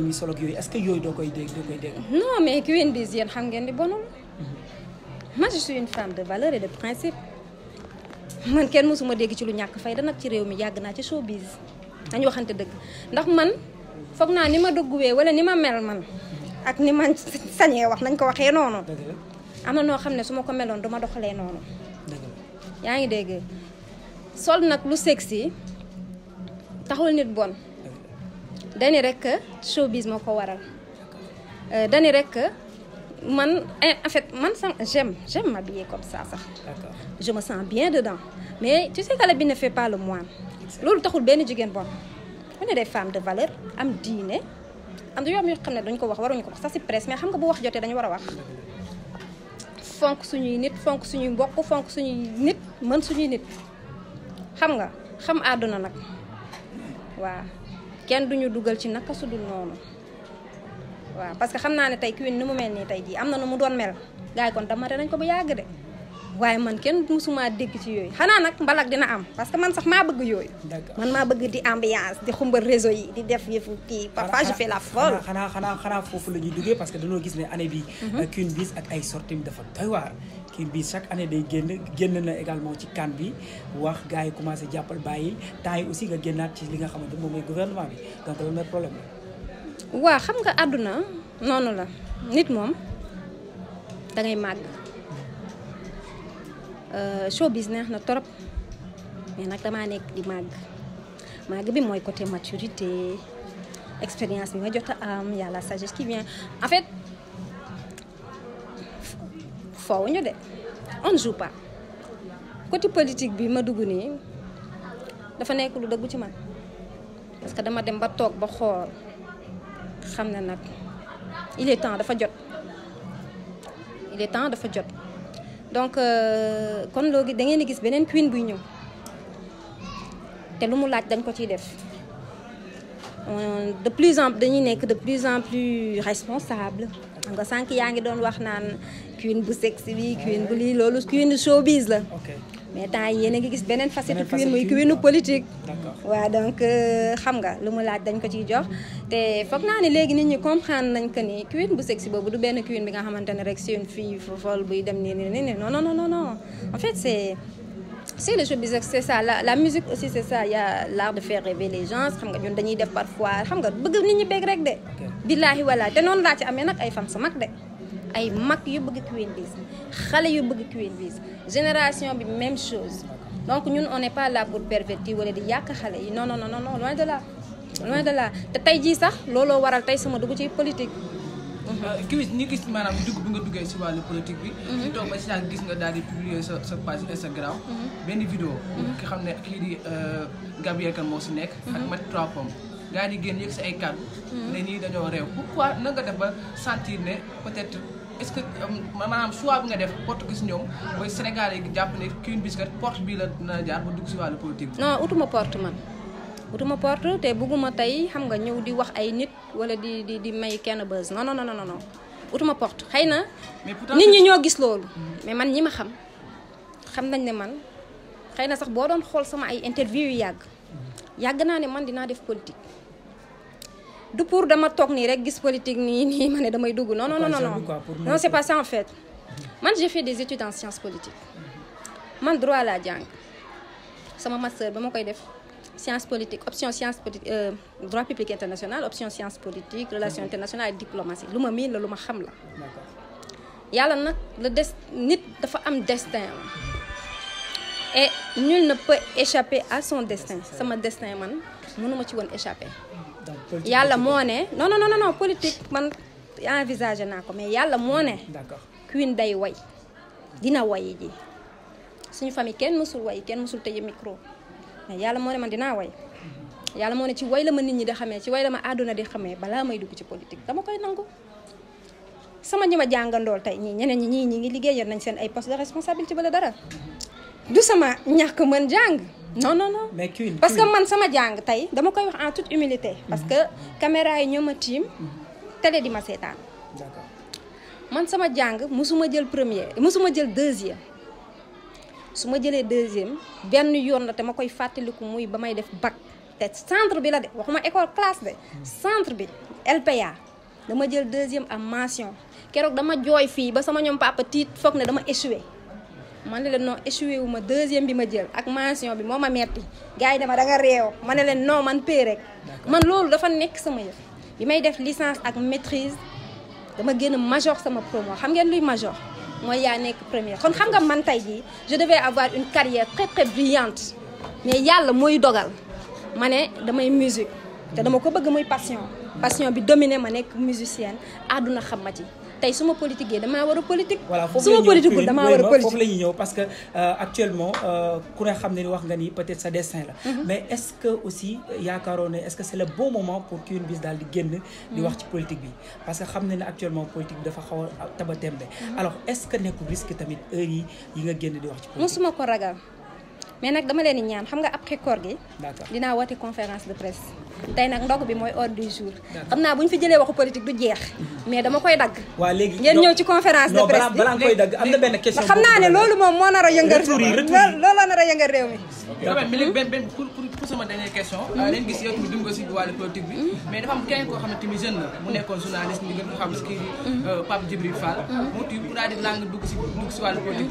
ñu ngi solo ak yooyu que yooyu doo koy dégg doo koy dégg. non mais Queen Biz yéen xam ngeen di bonul. Mm-hmm. moi je suis une femme de valeur et de principe. man kenn mësuma dégg ci lu ñàkk fayda nag ci réew mi yàgg naa ci showbiz. dañu waxante dëgg ndax man foog naa ni ma wee wala ni ma mel man ak ni ma sañee wax nañ ko waxee noonu. am na noo xam ne su ma ko meloon du ma doxalee noonu. yaa ngi dégg sol nag lu sexy taxul nit bon. dani rek showbiz moo ko waral euh, dani rek man eh, en fait man sax j'aime j'aime bi comme ça sax je me sens bien dedans mais ci sais que bi ne fait pas le moine loolu taxul benn jigéen bon on est des femmes de valeur am diine am yoo am yoo xam ne dañ ko wax waruñu ko sax ci presse mais xam nga bu wax jotee dañu war a wax fonk suñuy nit fonk suñuy mbokk fonk suñuy nit mën suñuy nit xam nga xam àdduna nag waaw kenn du ñu dugal ci naka su dul noonu waaw parce que xam naa ne tey Queen ni mu mel nii tey jii am na nu mu doon mel gars yi kon damate nañ ko bu yàgg de waaye man kenn musuma dégg ci yooyu xanaa nag mbalak dina am parce que man sax maa bëgg yooyu. man maa bëgg di ambiance di xumbal réseau yi di def yëfu kii. parfois je fais la xanaa xanaa xanaa foofu la ñuy duggee parce que dañoo gis ne année bi mhm. Queen bis ak ay sorties dafa doy waar. kii bi chaque année day génn génn na également ci kan bi wax gars yi commencé jàppal bàyyi temps yi aussi nga génnaat ci li nga xamante moom mooy gouvernement bi donc loolu mooy xam nga àdduna noonu la nit moom da ngay màgg euh, showbiz neex na torop mais nag damaa nekk di màgg màgg bi mooy côté maturité expérience bi ma jot am yàlla sagesse qui vient en fait. foowuñu de on joue pas côté politique bi ma dugg nii dafa nekk lu dëggu ci man parce que dama dem ba toog ba xool xam ne nag il est temps dafa jot il est temps dafa jot donc euh, kon loogi da ngeen di gis beneen queen buy ñëw te lu mu laaj dañ ko ciy def de plus en dañuy nekk de plus en plus responsable xam nga sànq yaa ngi doon wax naan queen bu sexy bi queen bu lii loolu queen showbiz la mais temps yi yéen a ngi gis beneen facette queen muy queenu politique waaw donc euh, xam nga lu mu laaj dañ ko ci jox te foog naa ne léegi nit ñi comprendre nañ que ni queen bu sexy boobu du benn queen bi nga xamante ne rek c'est une fille folle buy dem nii nii nii non non non non en fait c'est c'est le c'est ça la la musique aussi c'est ça y a l'art de faire rêver les gens nga ñun dañuy def parfois xam nga bëgg nit ñi bëgg rek de billaahi wala noonu laa ci amee nag ay sa mag de ay mag yu bëgg Queen Biz xale yu bëgg Queen Biz génération bi même chose donc ñun on n'est pas là pour pervertir wala di yàq xale yi non non non de là loin de là tey jii sax looloo waral tey sama dugg ci politique. Euh, kiwis ñu gis maanaam dugg bi nga duggee si wàllu politique bi. Mhm. ñu toog ba si saa gis nga daal di publier sa sa page mhm. benn vidéo. Mhm. ki xam ne kii di euh, Gabrielle Kane moo si nekk. ak Maty Trois Pommes gaa di génn yëg si ay kàddu. ne def ba sentir ne peut-être. est-ce que um, maanaam choix bi nga def portugis ñoom mooy sénégalais yi jàpp ne Queen Biz port porte bii la dina jaar dugg si wàllu politique non utuma porte man utuma porte te bëgguma tey xam nga ñëw di wax ay nit wala di di di may kenn buzz non non non non non utuma porte xëy na nit ñi ñoo gis loolu mm-hmm. mais man ñi ma xam xam nañ ne man xëy na sax boo doon xool sama ay interview yu yàgg yàgg naa ne man dinaa def politique du pour dama toog nii rek gis politique nii nii ma ne damay dugg non non non non non c'est pas ça en fait man j'ai des études en sciences politiques man droit la jàng sama master ba ma koy def science politique option science politique euh, droit public international option science politique relation internationale ak diplomatie lu ma miin la lu ma xam la yàlla nag la des nit dafa am destin et nul ne peut échapper à son destin sama destin man mënuma ci woon échapper yàlla moo ne non non non non politique man envisagé naa ko mais yàlla moo ne. d'accord Queen day way dina way ji suñu famille kenn mësul way kenn mësul tëje micro mais yàlla moo ne man dinaa way. Mhm. yàlla moo ne ci way la ma nit ñi di xamee ci way la ma àdduna di xamee balaa may dugg ci politique dama koy nangu. sama ñi ma jàngandool tey ñii ñeneen ñi ñii ñi ngi liggéey yor nañ seen ay poste de responsabilité wala dara du sama ñàkk mën jàng. non non non mais queen, parce que man sama jàng tey dama koy wax en toute humilité. parce que caméra yi ñoo ma tiim. télé di ma seetaan. d'accord man sama jàng mu su ma jël premier ma jël deuxième. su ma jëlee deuxième benn yoon la te ma koy fàttaliku muy ba may def bac te centre bi la de waxuma école classe de centre bi LPA dama jël deuxième am mention keroog dama jooy fii ba sama ñoom papa tiit foog ne dama échoué. man ne leen non échoué wu ma deuxième bi ma jël ak mention bi moo ma metti gaa yi dama da nga réew ma ne leen non man pay rek man loolu dafa nekk sama yëf bi may def licence ak maîtrise dama génn major sama promo xam ngeen luy major mooy yaa nekk première kon xam nga man tey jii je devais avoir une carrière très très brillante mais yàlla mooy dogal ma ne damay musique te dama ko bëgg muy passion passion bi dominé ma nekk musicienne àdduna xam ma ci tey su ma politiquee damaa war a politique. foofu la ñëw a politique parce que euh, actuellement euh, ku ne xam ne ni wax nga ni peut-être sa destin la. Mhm. mais est que aussi yaakaaroon ne est-ce que c'est le bon moment pour Queen Biz daal di génn. di mhm. wax ci politique bi parce que xam ne ne actuellement politique bi dafa xaw a tabatembe. Mhm. alors est-ce que nekkul risque tamit heure yi yi nga génn di wax ci politique. musuma ko ragal. mais nag dama leen di ñaan xam nga après koor gi dinaa woote conférence de presse tey nag ndog bi mooy ordre du jour xam naa bu ñu fi jëlee waxu politique du jeex mhm. mais dama koy dagg ngeen ñëw ci conférence de presse bi balaa koy dagg am na benn question xam naa ne loolu moom moo nar a a yëngal réew mi mi léegi benn pour sama dernière question leen mhm. gis yow dugg nga si wàllu politique bi mhm. mais dafa am kenn koo xam ne tamit mu nekkoon journaliste ñu gën ko xam si mu tuuti bu dugg si dugg si wàllu